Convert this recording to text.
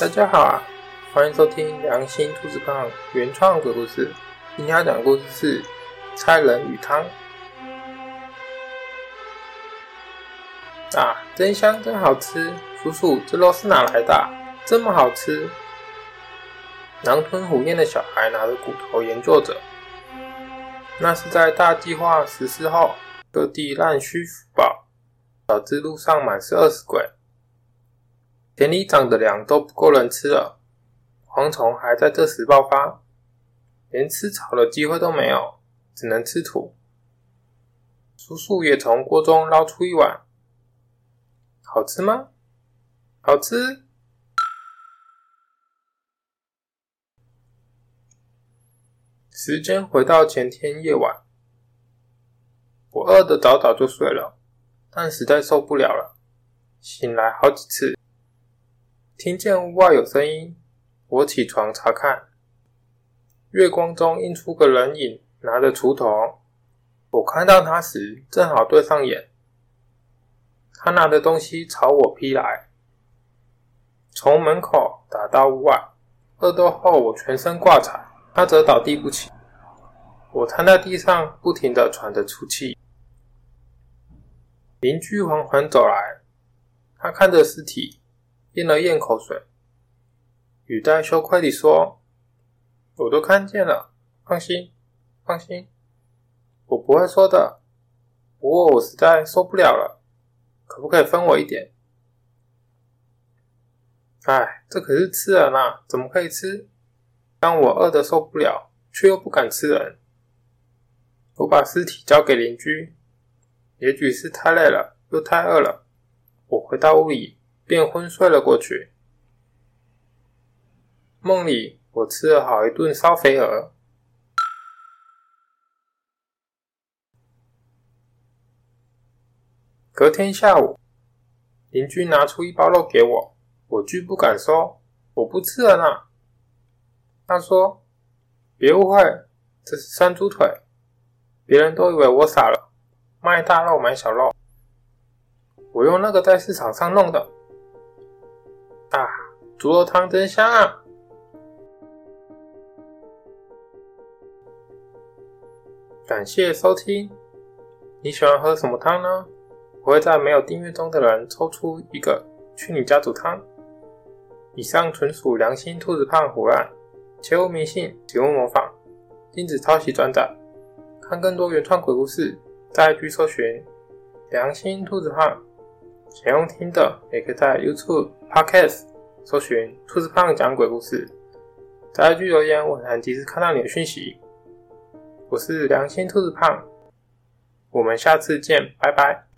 大家好啊，歡迎收聽良心兔子胖原創的鬼故事。今天要講的故事是《菜人與湯》啊，真香，真好吃！叔叔，這肉是哪來的啊？這麼好吃！狼吞虎咽的小孩拿着骨頭研究着，那是在大計劃實施後，各地濫虛福寶，導致路上滿是餓死鬼。田裡長的糧都不夠人吃了，蝗蟲還在這時爆發，連吃草的機會都沒有，只能吃土。叔叔也從鍋中撈出一碗，好吃嗎？好吃。時間回到前天夜晚，我餓得早早就睡了，但實在受不了了，醒來好幾次。聽見屋外有聲音，我起床查看，月光中映出個人影，拿着鋤頭。我看到他時，正好對上眼，他拿的東西朝我劈來，從門口打到屋外。惡鬥後，我全身掛彩，他則倒地不起。我癱在地上，不停地喘着粗氣。鄰居緩緩走來，他看着屍體。咽了咽口水，語帶羞愧地說：“我都看見了，放心，放心，我不會說的。不過我實在受不了了，可不可以分我一點？”哎，這可是吃人啊！怎麼可以吃？但我餓得受不了，卻又不敢吃人。我把屍體交給鄰居。也許是太累了，又太餓了，我回到屋裡，便昏睡了過去。夢裡我吃了好一頓燒肥鵝。隔天下午，鄰居拿出一包肉給我，我拒不敢收，我不吃了呢。他說：“別誤會，這是山豬腿，別人都以為我傻了，賣大肉買小肉，我用那個在市場上弄的。”啊，豬肉湯真香啊！感謝收聽。你喜歡喝什麼湯呢？我會在沒有訂閱中的人抽出一個去你家煮湯。以上純屬良心兔子胖唬爛，切勿迷信，切勿模仿，禁止抄襲轉載。看更多原創鬼故事，在劇搜尋“良心兔子胖”。想用聽的，也可以在 YouTube Podcast 搜尋“兔子胖講鬼故事”。在 IG 留言，我才能及時看到你的訊息。我是良心兔子胖，我們下次見，拜拜。